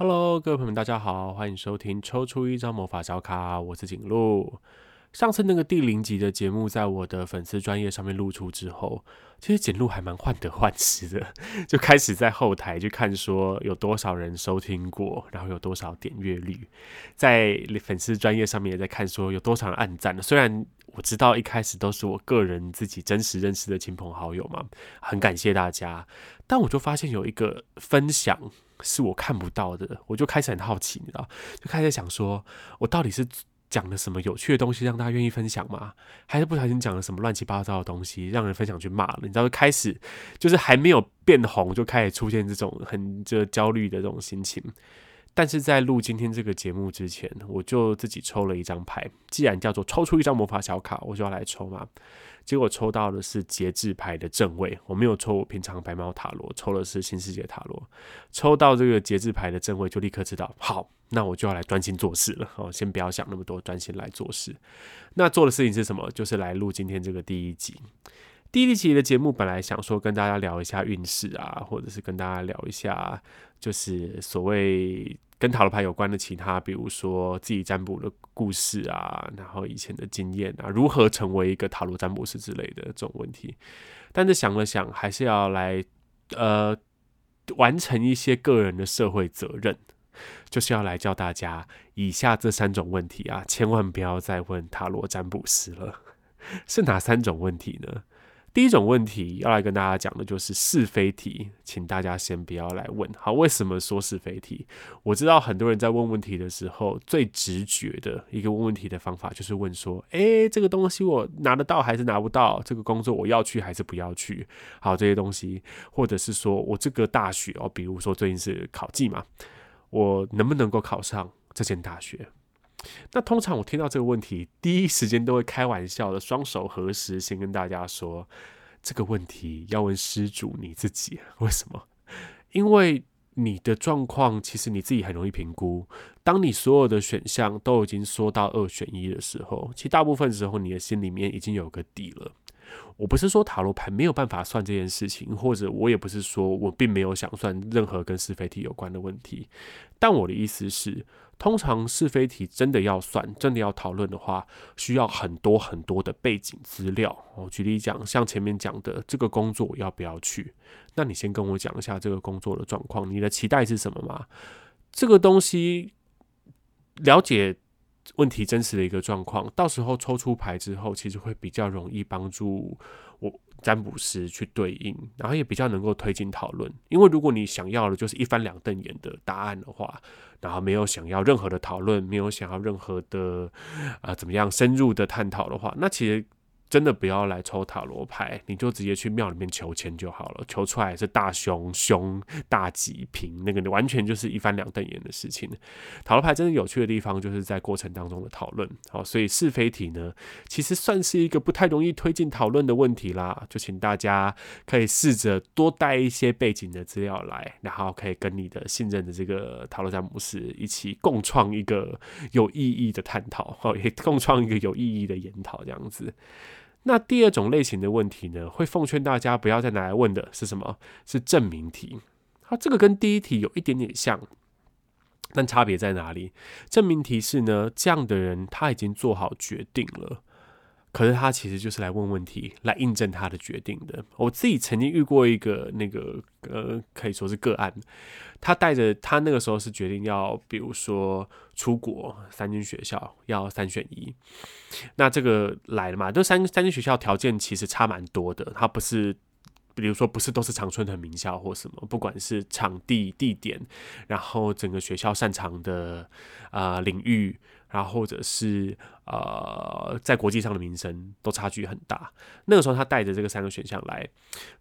Hello，各位朋友們，大家好，歡迎收聽抽出一張魔法小卡。我是景路。上次那個第零集的節目，在我的粉絲專頁上面露出之後，其實景路還蠻患得患失的，就開始在後台去看說有多少人收聽過，然後有多少點閱率，在粉絲專頁上面也在看說有多少人按贊。雖然我知道一開始都是我個人自己真實認識的親朋好友嘛，很感謝大家，但我就發現有一個分享。是我看不到的，我就開始很好奇，你知道？就開始想說，我到底是講了什麼有趣的東西讓大家願意分享嗎？還是不小心講了什麼亂七八糟的東西，讓人分享去罵了？你知道，開始就是還沒有變紅，就開始出現這種很這焦慮的這種心情。但是在錄今天這個節目之前，我就自己抽了一張牌，既然叫做抽出一張魔法小卡，我就要來抽嘛。結果抽到的是節制牌的正位，我沒有抽我平常白貓塔羅，抽的是新世界塔羅，抽到這個節制牌的正位，就立刻知道，好，那我就要來專心做事了，哦，先不要想那麼多，專心來做事。那做的事情是什麼？就是來錄今天這個第一集。第一集的節目本來想說跟大家聊一下運勢啊，或者是跟大家聊一下就是所謂。跟塔羅牌有關的其他，比如說自己占卜的故事啊，然後以前的經驗啊，如何成為一個塔羅占卜師之類的這種問題，但是想了想，還是要來呃完成一些個人的社會責任，就是要來教大家以下這三種問題啊，千萬不要再問塔羅占卜師了。是哪三種問題呢？第一種問題要來跟大家講的就是是非題，請大家先不要來問。好，為什麼說是非題？我知道很多人在問問題的時候，最直覺的一個問問題的方法就是問說：“哎、欸，這個東西我拿得到還是拿不到？這個工作我要去還是不要去？”好，這些東西，或者是說我這個大學哦，比如說最近是考季嘛，我能不能夠考上這間大學？那通常我聽到這個問題，第一時間都會開玩笑的，雙手合十，先跟大家說，這個問題要問施主你自己，為什麼？因為你的狀況其實你自己很容易評估。當你所有的選項都已經縮到二選一的時候，其實大部分時候你的心裡面已經有個底了。我不是說塔羅牌沒有辦法算這件事情，或者我也不是說我並沒有想算任何跟是非題有關的問題，但我的意思是，通常是非題真的要算，真的要討論的話，需要很多很多的背景資料。我、哦、舉例講，像前面講的這個工作要不要去，那你先跟我講一下這個工作的狀況，你的期待是什麼嘛？這個東西了解，問題真實的一個狀況，到時候抽出牌之後，其實會比較容易幫助我占卜師去對應，然後也比較能夠推進討論。因為如果你想要的就是一翻兩瞪眼的答案的話，然後沒有想要任何的討論，沒有想要任何的啊、呃、怎麼樣深入的探討的話，那其實。真的不要來抽塔羅牌，你就直接去廟裡面求籤就好了。求出來是大凶、凶、大吉、平，那個你完全就是一翻兩瞪眼的事情。塔羅牌真的有趣的地方就是在過程當中的討論。好，所以是非題呢，其實算是一個不太容易推進討論的問題啦。就請大家可以試着多帶一些背景的資料來，然後可以跟你的信任的這個塔羅占卜師一起共創一個有意義的探討，好，也共創一個有意義的研討這樣子。那第二種類型的問題呢，會奉勸大家不要再拿來問的是什麼？是證明題。它這個跟第一題有一點點像，但差別在哪裡？證明題是呢，這樣的人他已經做好決定了。可是他其實就是來問問題，來印證他的決定的。我自己曾經遇過一個那個呃，可以說是個案。他帶着他那個時候是決定要，比如說出國三軍學校要三選一。那這個來了嘛？這三三軍學校條件其實差蠻多的。他不是，比如說不是都是常春藤名校或什麼，不管是場地地點，然後整個學校擅長的啊、呃、領域。然後或者是呃，在國際上的名聲都差距很大。那個時候他帶着這個三個選項來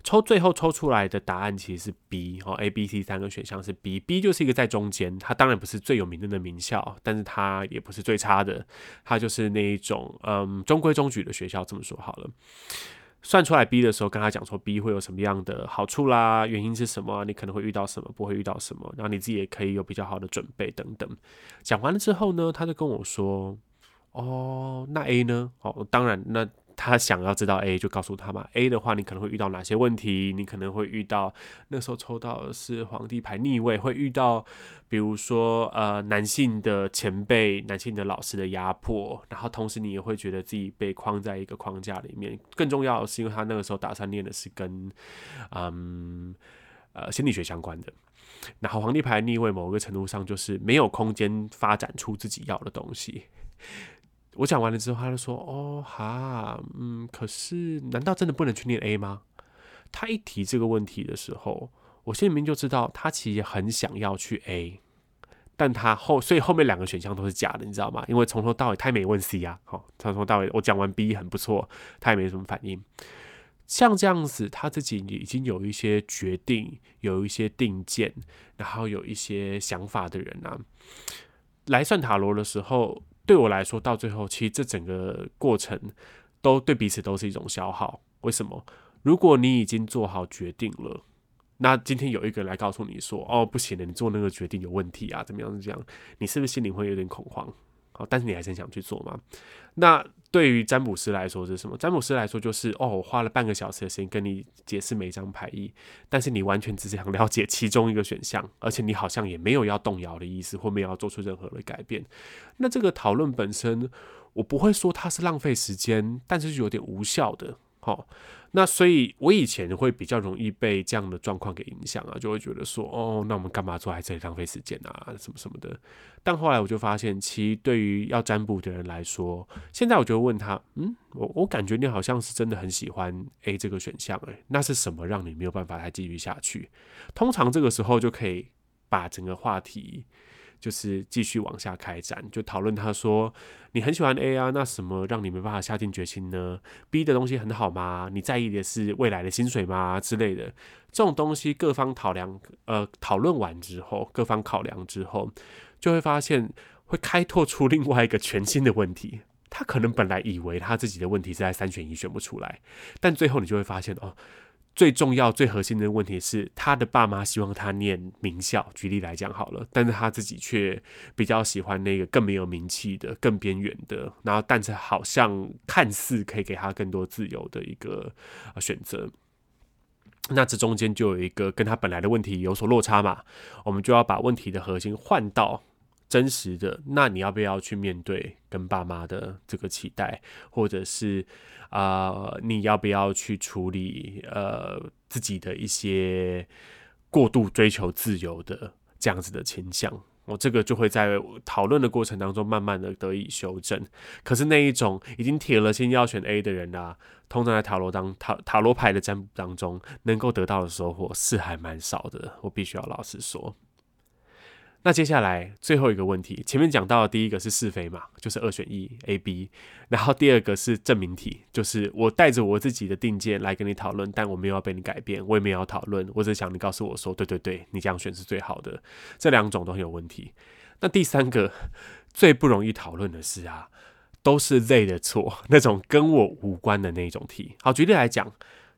抽，最後抽出來的答案其實是 B 哦，A、B、C 三個選項是 B，B 就是一個在中間，他當然不是最有名的名校，但是他也不是最差的，他就是那一種嗯中規中矩的學校，這麼說好了。算出來 B 的時候，跟他講說 B 會有什麼樣的好處啦，原因是什麼？你可能會遇到什麼，不會遇到什麼，然後你自己也可以有比較好的準備等等。講完了之後呢，他就跟我說：“哦，那 A 呢？哦，當然那。”他想要知道 A 就告訴他嘛，A 的話你可能會遇到哪些問題？你可能會遇到那時候抽到的是皇帝牌逆位，會遇到比如說呃男性的前輩、男性的老師的壓迫，然後同時你也會覺得自己被框在一個框架裡面。更重要是，因為他那個時候打算念的是跟嗯呃心理學相關的，然後皇帝牌逆位，某個程度上就是沒有空間發展出自己要的東西。我講完了之後，他就說：“哦哈，嗯，可是難道真的不能去念 A 嗎？”他一提這個問題的時候，我心裡面就知道他其實很想要去 A，但他後所以後面兩個選項都是假的，你知道嗎？因為從頭到尾他也沒問 C 呀。好，從頭到尾我講完 B 很不錯，他也沒什麼反應。像這樣子，他自己已經有一些決定，有一些定見，然後有一些想法的人呢，來算塔羅的時候。對我來說，到最後其實這整個過程都對彼此都是一種消耗。為什麼？如果你已經做好決定了，那今天有一個來告訴你說：“哦，不行了，你做那個決定有問題啊，怎麼樣子？這樣你是不是心裡會有點恐慌？好，但是你還是想去做嗎？”那。對於占卜師來說是什麼？占卜師來說就是哦，我花了半個小時的時間跟你解釋每一張牌意，但是你完全只想了解其中一個選項，而且你好像也沒有要動搖的意思，或沒有要做出任何的改變。那這個討論本身，我不會說它是浪費時間，但是是有點無效的。哦，那所以，我以前會比較容易被這樣的狀況給影響啊，就會覺得說，哦，那我們幹嘛坐在這裡浪費時間啊，什麼什麼的。但後來我就發現，其實對於要占卜的人來說，現在我就問他，嗯，我我感覺你好像是真的很喜歡 A 這個選項，誒，那是什麼讓你沒有辦法再繼續下去？通常這個時候就可以把整個話題。就是繼續往下開展，就討論。他說：“你很喜歡 A 啊，那什麼讓你沒辦法下定決心呢？B 的東西很好嗎？你在意的是未來的薪水嗎？之類的。這種東西各方討論，呃，討論完之後，各方考量之後，就會發現會開拓出另外一個全新的問題。他可能本來以為他自己的問題是在三選一選不出來，但最後你就會發現哦。”最重要、最核心的問題是，他的爸媽希望他念名校，舉例來講好了，但是他自己卻比較喜歡那個更沒有名氣的、更邊緣的，然後但是好像看似可以給他更多自由的一個選擇，那這中間就有一個跟他本來的問題有所落差嘛，我們就要把問題的核心換到。真實的，那你要不要去面對跟爸媽的這個期待，或者是啊、呃，你要不要去處理呃自己的一些過度追求自由的這樣子的傾向？我這個就會在討論的過程當中，慢慢的得以修正。可是那一種已經鐵了心要選 A 的人啊，通常在塔羅當塔塔羅牌的占卜當中，能夠得到的收穫是還蠻少的。我必須要老實說。那接下來最後一個問題，前面講到的第一個是是非嘛，就是二選一 A B，然後第二個是證明題，就是我帶着我自己的定見來跟你討論，但我沒有要被你改變，我也沒有要討論，我只想你告訴我說，對對對，你這樣選是最好的。這兩種都很有問題。那第三個最不容易討論的是啊，都是 They 的錯，那種跟我無關的那種題。好，舉例來講。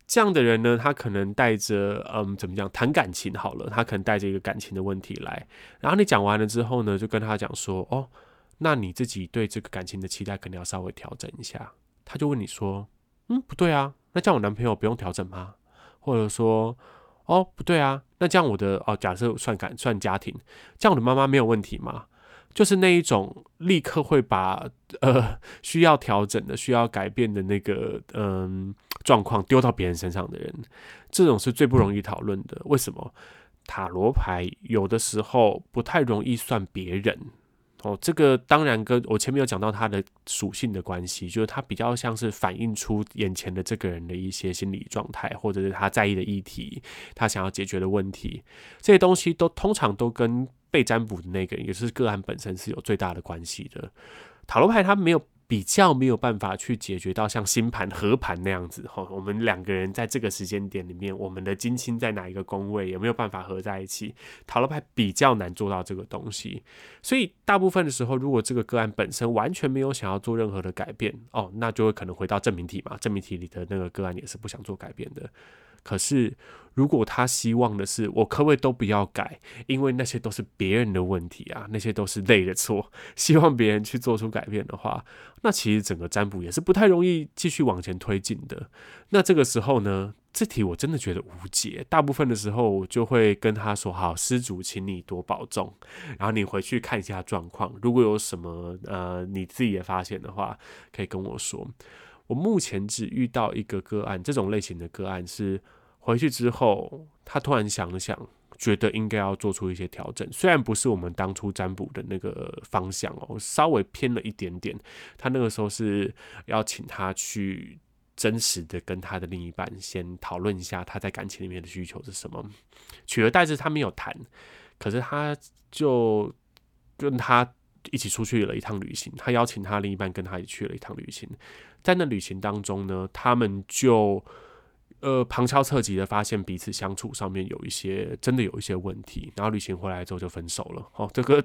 這樣的人呢，他可能帶着嗯，怎麼講談感情好了，他可能帶着一個感情的問題來。然後你講完了之後呢，就跟他講說，哦，那你自己對這個感情的期待，可能要稍微調整一下。他就問你說，嗯，不對啊，那這樣我男朋友不用調整嗎？或者說，哦，不對啊，那這樣我的哦，假設算感算家庭，這樣我的媽媽沒有問題嗎？就是那一種立刻會把呃需要調整的、需要改變的那個嗯。狀況丟到別人身上的人，這種是最不容易討論的。為什麼塔羅牌有的時候不太容易算別人？哦，這個當然跟我前面有講到它的屬性的關係，就是它比較像是反映出眼前的這個人的一些心理狀態，或者是他在意的議題，他想要解決的問題，這些東西都通常都跟被占卜的那個人，就是個案本身是有最大的關係的。塔羅牌它沒有。比較沒有辦法去解決到像星盤合盤那樣子哈，我們兩個人在這個時間點裡面，我們的金星在哪一個宮位，有沒有辦法合在一起？塔羅牌比較難做到這個東西，所以大部分的時候，如果這個個案本身完全沒有想要做任何的改變哦，那就會可能回到證明題嘛，證明題裡的那個個案也是不想做改變的。可是，如果他希望的是我可不可以都不要改，因為那些都是別人的問題啊，那些都是 They 的錯，希望別人去做出改變的話，那其實整個占卜也是不太容易繼續往前推進的。那這個時候呢，這題我真的覺得無解。大部分的時候，我就會跟他說：“好，施主，請你多保重，然後你回去看一下狀況。如果有什麼呃，你自己也發現的話，可以跟我說。”我目前只遇到一個個案，這種類型的個案是回去之後，他突然想了想，覺得應該要做出一些調整。雖然不是我們當初占卜的那個方向哦、喔，稍微偏了一點點。他那個時候是邀請他去真實的跟他的另一半先討論一下他在感情裡面的需求是什麼。取而代之，他沒有談，可是他就跟他一起出去了一趟旅行。他邀請他另一半跟他去了一趟旅行。在那旅行當中呢，他們就呃旁敲側擊的發現彼此相處上面有一些真的有一些問題，然後旅行回來之後就分手了。哦，這個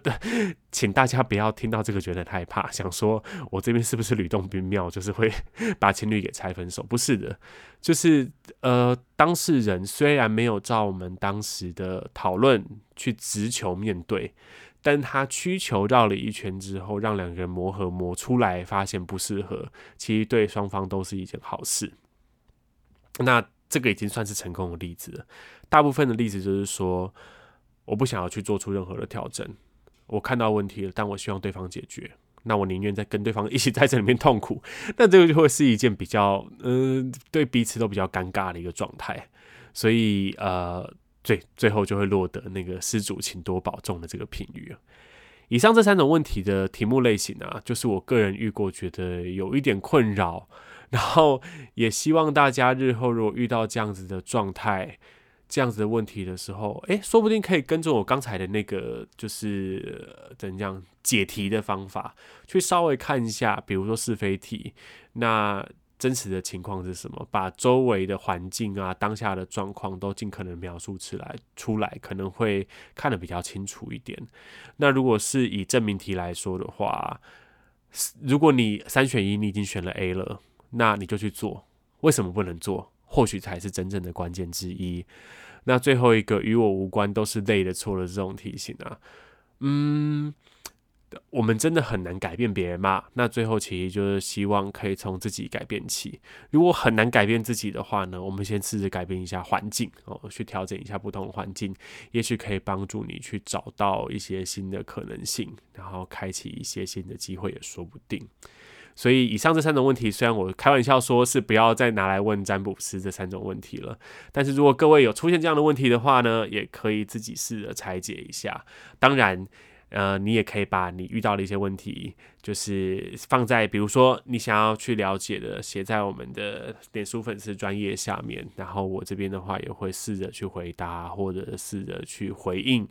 請大家不要聽到這個覺得害怕，想說我這邊是不是呂洞賓廟就是會把情侶給拆分手？不是的，就是呃當事人雖然沒有照我們當時的討論去直球面對。但他需求繞了一圈之後，讓兩個人磨合磨出來，發現不適合，其實對雙方都是一件好事。那這個已經算是成功的例子了。大部分的例子就是說，我不想要去做出任何的調整，我看到問題了，但我希望對方解決。那我寧願在跟對方一起在這裡面痛苦，那這個就會是一件比較，嗯，對彼此都比較尷尬的一個狀態。所以，呃。最最後就會落得那個施主，請多保重的這個評語。以上這三種問題的題目類型啊，就是我個人遇過，覺得有一點困擾。然後也希望大家日後如果遇到這樣子的狀態、這樣子的問題的時候，哎、欸，說不定可以跟着我剛才的那個，就是、呃、怎樣解題的方法，去稍微看一下，比如說是非題，那。真實的情況是什麼？把周圍的環境啊、當下的狀況都盡可能描述出來，出來可能會看得比較清楚一點。那如果是以證明題來說的話，如果你三選一，你已經選了 A 了，那你就去做。為什麼不能做？或許才是真正的關鍵之一。那最後一個與我無關，都是 They 的錯這種題型啊，嗯。我們真的很難改變別人嗎？那最後其實就是希望可以從自己改變起。如果很難改變自己的話呢，我們先試着改變一下環境哦，去調整一下不同的環境，也許可以幫助你去找到一些新的可能性，然後開啟一些新的機會也說不定。所以以上這三種問題，雖然我開玩笑說是不要再拿來問占卜師這三種問題了，但是如果各位有出現這樣的問題的話呢，也可以自己試着拆解一下。當然。呃，你也可以把你遇到的一些問題，就是放在比如說你想要去了解的，寫在我們的臉書粉絲專頁下面，然後我這邊的話也會試着去回答或者試着去回應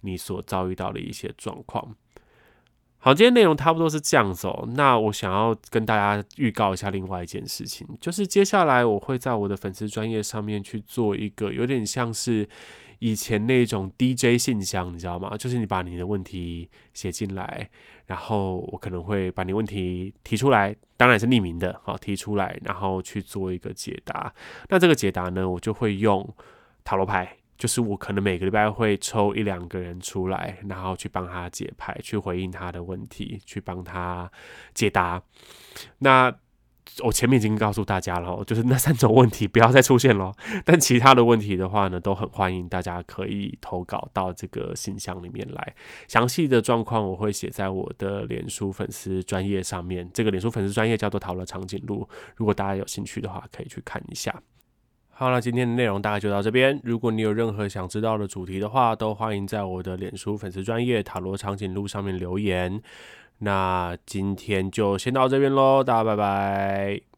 你所遭遇到的一些狀況。好，今天內容差不多是這樣子哦、喔。那我想要跟大家預告一下另外一件事情，就是接下來我會在我的粉絲專頁上面去做一個有點像是。以前那種 DJ 信箱，你知道嗎？就是你把你的問題寫進來，然後我可能會把你問題提出來，當然是匿名的，好提出來，然後去做一個解答。那這個解答呢，我就會用塔羅牌，就是我可能每個禮拜會抽一兩個人出來，然後去幫他解牌，去回應他的問題，去幫他解答。那我、哦、前面已經告訴大家了，就是那三種問題不要再出現了。但其他的問題的話呢，都很歡迎大家可以投稿到這個信箱裡面來。詳細的狀況我會寫在我的臉書粉絲專頁上面，這個臉書粉絲專頁叫做塔羅長頸鹿。如果大家有興趣的話，可以去看一下。好了，今天的內容大概就到這邊。如果你有任何想知道的主題的話，都歡迎在我的臉書粉絲專頁塔羅長頸鹿上面留言。那今天就先到這邊嘍，大家拜拜。